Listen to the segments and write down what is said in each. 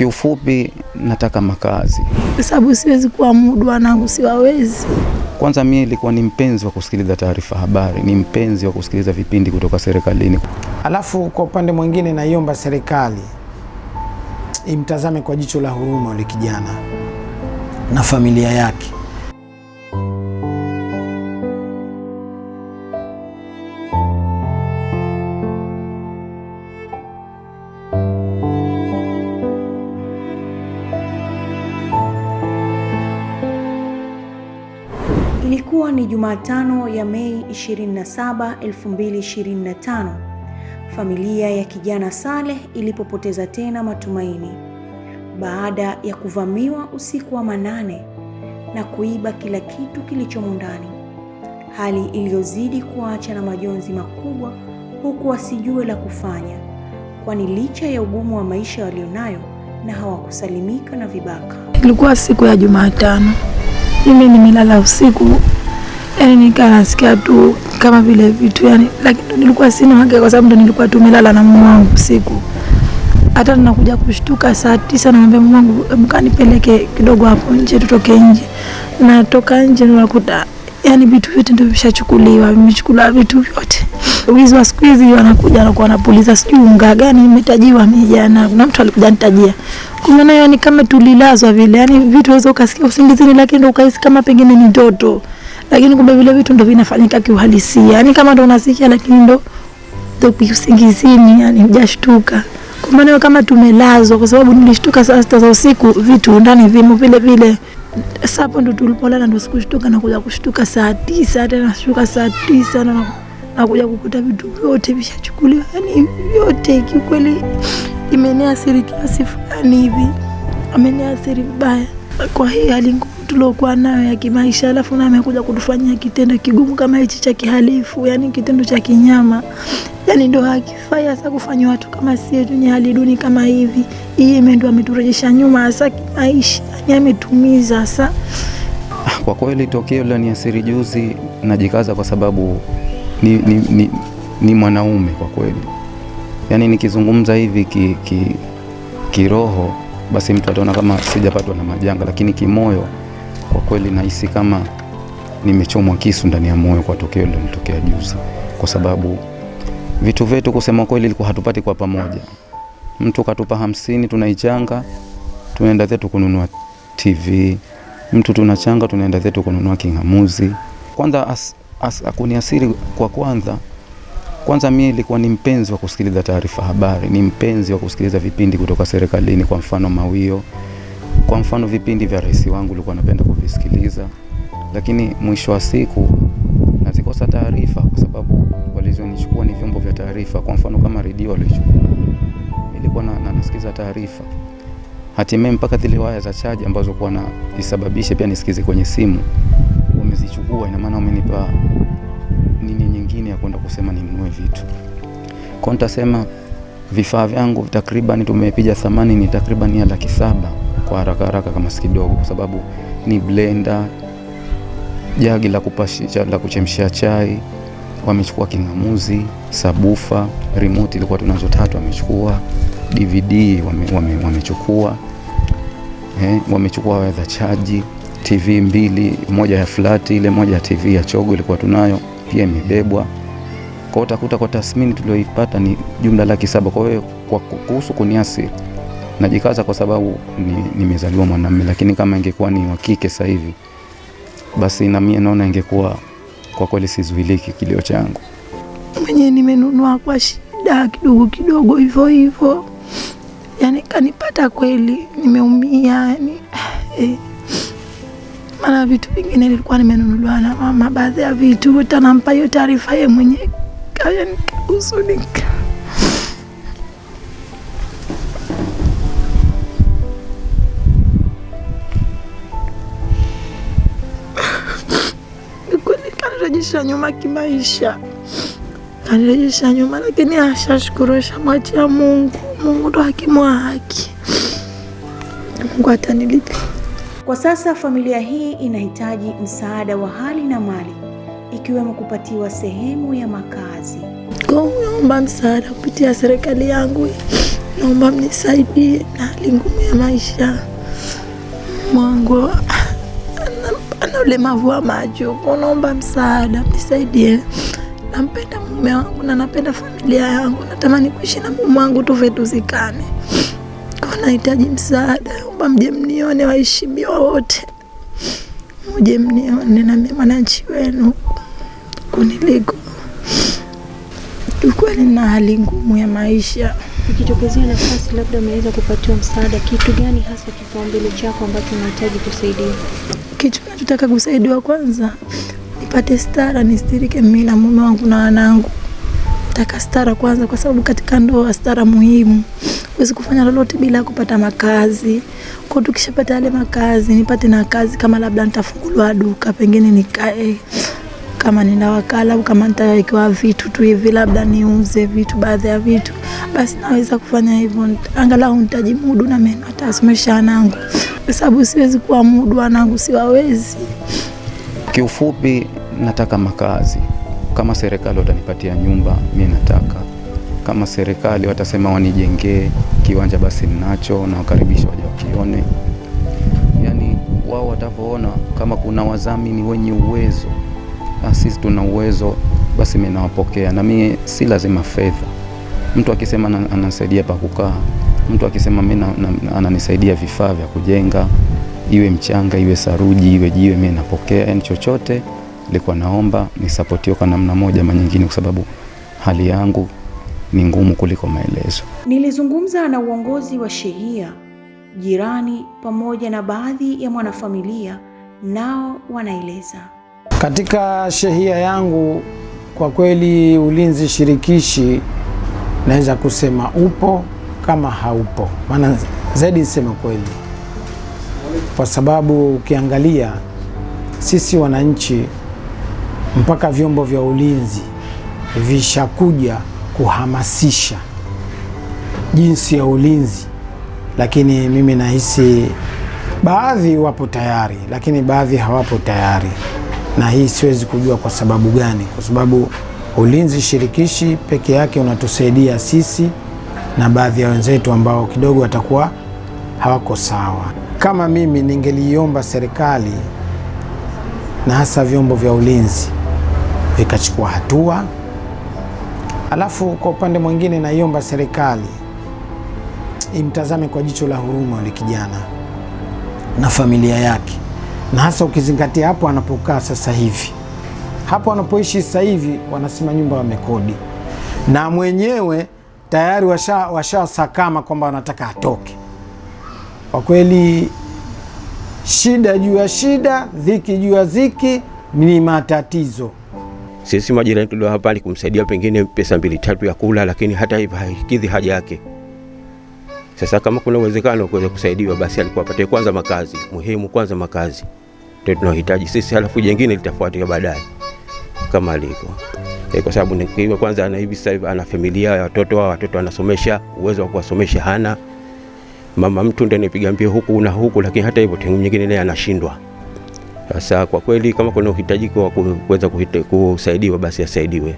Kiufupi nataka makazi, kwa sababu siwezi kuwa mudu wanangu, siwawezi. Kwanza mimi nilikuwa ni mpenzi wa kusikiliza taarifa habari, ni mpenzi wa kusikiliza vipindi kutoka serikalini. Alafu kwa upande mwingine, naiomba serikali imtazame kwa jicho la huruma yule kijana na familia yake. Ilikuwa ni Jumatano ya Mei 27, 2025, familia ya kijana Saleh ilipopoteza tena matumaini baada ya kuvamiwa usiku wa manane na kuiba kila kitu kilichomo ndani, hali iliyozidi kuacha na majonzi makubwa, huku wasijue la kufanya, kwani licha ya ugumu wa maisha walionayo na hawakusalimika na vibaka. Ilikuwa siku ya Jumatano, mimi nimelala usiku yani eh, nikaa nasikia tu kama vile vitu yani, lakini ndo nilikuwa sina haki, kwa sababu ndo nilikuwa tu melala na mume wangu usiku. Hata ninakuja kushtuka saa tisa, namwambia mume wangu, hebu kanipeleke kidogo hapo nje, tutoke nje. Natoka nje nakuta yani vitu vyote ndio vishachukuliwa, vimechukuliwa vitu vyote. Wizi wa siku hizi wanakuja na wanapuliza sijui unga gani imetajiwa mimi jana, kuna mtu alikuja nitajia kuna nayo ni kama tulilazwa vile, yani vitu waweza ukasikia usingizini, lakini ndo ukahisi kama pengine ni ndoto lakini kumbe vile vitu ndo vinafanyika kiuhalisia, yani kama ndo unasikia, lakini ndo usingizini, yani hujashtuka. Kwa maana kama tumelazwa, kwa sababu nilishtuka saa sita za usiku, vitu ndani vimo vile vile. Sasa hapo ndo tulipolala, ndo sikushtuka na kuja kushtuka saa tisa tena, nashtuka saa tisa na nakuja kukuta vitu vyote vishachukuliwa, yani vyote kiukweli. Imeniathiri kiasi fulani hivi, ameniathiri vibaya kwa hii hali ngumu tuliokuwa nayo ya kimaisha, alafu na amekuja kutufanyia kitendo kigumu kama hichi cha kihalifu, yani kitendo cha kinyama, yani ndo hakifai hasa kufanya watu kama sie tunye hali duni kama hivi. Yeye ndo ameturejesha nyuma hasa kimaisha, yani ametumiza hasa. Kwa kweli la niasiri juzi, najikaza kwa sababu ni, ni, ni, ni mwanaume kwa kweli, yani nikizungumza hivi ki, ki, kiroho basi mtu ataona kama sijapatwa na majanga, lakini kimoyo kwa kweli nahisi kama nimechomwa kisu ndani ya moyo kwa tukio lilotokea juzi, kwa sababu vitu vyetu kusema kweli ilikuwa hatupati kwa pamoja. Mtu katupa hamsini, tunaichanga tunaenda zetu kununua TV, mtu tunachanga tunaenda zetu kununua king'amuzi. Kwanza as, as, kuniasiri kwa kwanza kwanza mi ilikuwa ni mpenzi wa kusikiliza taarifa habari, ni mpenzi wa kusikiliza vipindi kutoka serikalini, kwa mfano Mawio. Kwa mfano vipindi vya rais wangu nilikuwa napenda kuvisikiliza, lakini mwisho wa siku nazikosa taarifa, kwa sababu walizonichukua ni vyombo vya taarifa. Kwa mfano kama redio walichukua, nilikuwa na na nasikiza taarifa, hatimaye mpaka zile waya za chaji ambazo kwa na isababishe pia nisikize kwenye simu wamezichukua. Ina maana wamenipa nini nyingine ya kwenda kusema ninunue vitu kwa nitasema vifaa vyangu takriban tumepiga thamani ni takriban ya laki saba kwa haraka haraka kama sikidogo kwa sababu ni blender, jagi la kupasha la kuchemshia chai wamechukua, king'amuzi, sabufa, remote ilikuwa tunazo tatu wamechukua, DVD wamechukua, wame, wame eh, wamechukua wedha chaji, TV mbili, moja ya flati ile, moja ya TV ya chogo ilikuwa tunayo pia imebebwa kwa utakuta kwa tasmini tulioipata ni jumla laki saba. Kwa hiyo kwa kuhusu kuniasi najikaza kwa sababu nimezaliwa ni mwanamume, lakini kama ingekuwa ni wa kike sasa hivi, basi na mimi naona ingekuwa kwa kweli sizuiliki kilio changu mwenyewe. Nimenunua kwa shida kidogo kidogo hivyo hivyo, yani kanipata kweli, nimeumia yani eh, eh. Maana vitu vingine nilikuwa nimenunuliwa na mama, baadhi ya vitu utanampa hiyo taarifa yeye mwenyewe, yaani, kausuni kanirejesha nyuma kimaisha, kanirejesha nyuma, lakini ashashukuru, shamwachia Mungu. Mungu ndo hakimu haki, Mungu atanilipa. Kwa sasa familia hii inahitaji msaada wa hali na mali, ikiwemo kupatiwa sehemu ya makazi. Naomba msaada kupitia serikali yangu, naomba mnisaidie na hali ngumu ya maisha mwangu na ulemavu wa macho, unaomba msaada, mnisaidie. Nampenda mume wangu na napenda familia yangu, natamani kuishi na mume wangu tuve tuzikane. Nahitaji msaada, omba mje mnione, waheshimiwa wote, mje mnione na mimi mwananchi wenu kuniliko Kiukweli na hali ngumu ya maisha. Ukitokezea nafasi labda unaweza kupatiwa msaada, kitu gani hasa kipaumbele chako ambacho unahitaji kusaidiwa? Kitu nachotaka kusaidiwa kwanza, nipate stara, nistirike mimi na mume wangu na wanangu. Nataka stara kwanza, kwa sababu katika ndoa stara muhimu. Huwezi kufanya lolote bila kupata makazi. Kwa hiyo tukishapata yale makazi, nipate na kazi, kama labda nitafunguliwa duka, pengine nikae kama nina wakala au kama nitawekewa vitu tu hivi, labda niuze vitu, baadhi ya vitu, basi naweza kufanya hivyo, angalau nitajimudu na mimi nitasomesha wanangu, kwa sababu siwezi kuwa mudu wanangu, siwawezi. Kiufupi, nataka makazi. Kama serikali watanipatia nyumba, mi nataka. Kama serikali watasema wanijengee kiwanja, basi ninacho na wakaribisha waje wakione, yani wao watavyoona, kama kuna wadhamini wenye uwezo sisi tuna uwezo, basi mimi nawapokea, na mimi si lazima fedha. Mtu akisema anasaidia pa kukaa, mtu akisema mimi ananisaidia vifaa vya kujenga, iwe mchanga, iwe saruji, iwe jiwe, mimi napokea. Yani chochote nilikuwa naomba nisapotiwe kwa namna moja ama nyingine, kwa sababu hali yangu ni ngumu kuliko maelezo. Nilizungumza na uongozi wa shehia jirani pamoja na baadhi ya mwanafamilia, nao wanaeleza katika shehia yangu kwa kweli, ulinzi shirikishi naweza kusema upo kama haupo, maana zaidi nisema kweli, kwa sababu ukiangalia sisi wananchi mpaka vyombo vya ulinzi vishakuja kuhamasisha jinsi ya ulinzi, lakini mimi nahisi baadhi wapo tayari, lakini baadhi hawapo tayari na hii siwezi kujua kwa sababu gani, kwa sababu ulinzi shirikishi peke yake unatusaidia sisi na baadhi ya wenzetu ambao kidogo watakuwa hawako sawa. Kama mimi, ningeliomba serikali na hasa vyombo vya ulinzi vikachukua hatua, alafu kwa upande mwingine, naiomba serikali imtazame kwa jicho la huruma yule kijana na familia yake na hasa ukizingatia hapo anapokaa sasa hivi, hapo anapoishi sasa hivi, wanasema nyumba wamekodi, na mwenyewe tayari washasakama washa kwamba wanataka atoke. Kwa kweli, shida juu ya shida, dhiki juu ya dhiki, ni matatizo. Sisi majirani tulio hapa ni kumsaidia pengine pesa mbili tatu ya kula, lakini hata hivyo haikidhi haja yake. Sasa kama kuna uwezekano kuweza kusaidiwa, basi alikuwa apate kwanza makazi, muhimu kwanza makazi ndio tunahitaji sisi, halafu jengine litafuatia baadaye kama alivyo e, kwa sababu nikiwa kwanza ana hivi sasa ana familia ya watoto wa watoto anasomesha, uwezo wa kuwasomesha hana. Mama mtu ndio anipiga mbio huku na huku, lakini hata hivyo timu nyingine naye anashindwa. Sasa kwa kweli kama kuna uhitaji wa kuweza kusaidiwa basi asaidiwe.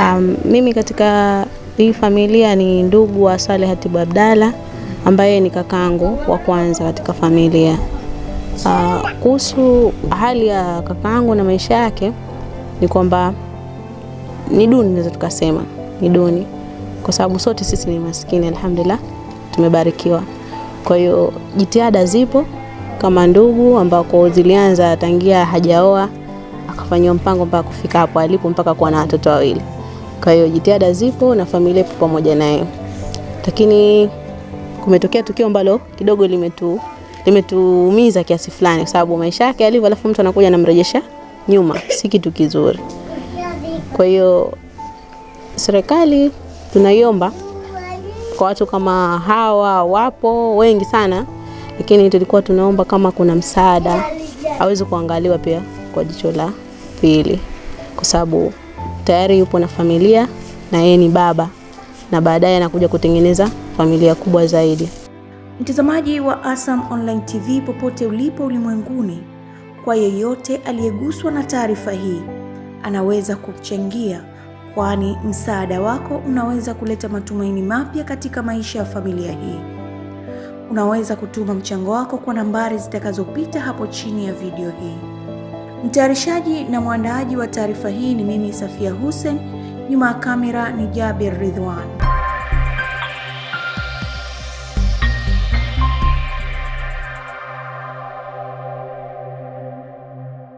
Um, mimi katika hii familia ni ndugu wa Saleh Hatibu Abdalla ambaye ni kakangu wa kwanza katika familia. Ah, kuhusu hali ya kakangu na maisha yake ni kwamba ni duni, naweza tukasema ni duni kwa sababu sote sisi ni maskini. Alhamdulillah, tumebarikiwa. Kwa hiyo jitihada zipo kama ndugu ambako zilianza tangia hajaoa akafanyiwa mpango mpaka kufika hapo alipo mpaka kuwa na watoto wawili. Kwa hiyo jitihada zipo na familia ipo pamoja naye, lakini kumetokea tukio ambalo kidogo limetu limetuumiza kiasi fulani, kwa sababu maisha yake alivyo, alafu mtu anakuja anamrejesha nyuma, si kitu kizuri. Kwa hiyo serikali tunaiomba kwa watu kama hawa, wapo wengi sana, lakini tulikuwa tunaomba kama kuna msaada aweze kuangaliwa pia kwa jicho la pili, kwa sababu tayari yupo na familia na yeye ni baba na baadaye anakuja kutengeneza familia kubwa zaidi. Mtazamaji wa Asam Online TV popote ulipo ulimwenguni, kwa yeyote aliyeguswa na taarifa hii anaweza kuchangia, kwani msaada wako unaweza kuleta matumaini mapya katika maisha ya familia hii. Unaweza kutuma mchango wako kwa nambari zitakazopita hapo chini ya video hii. Mtayarishaji na mwandaaji wa taarifa hii ni mimi Safia Hussein, nyuma ya kamera ni Jabir Ridwan.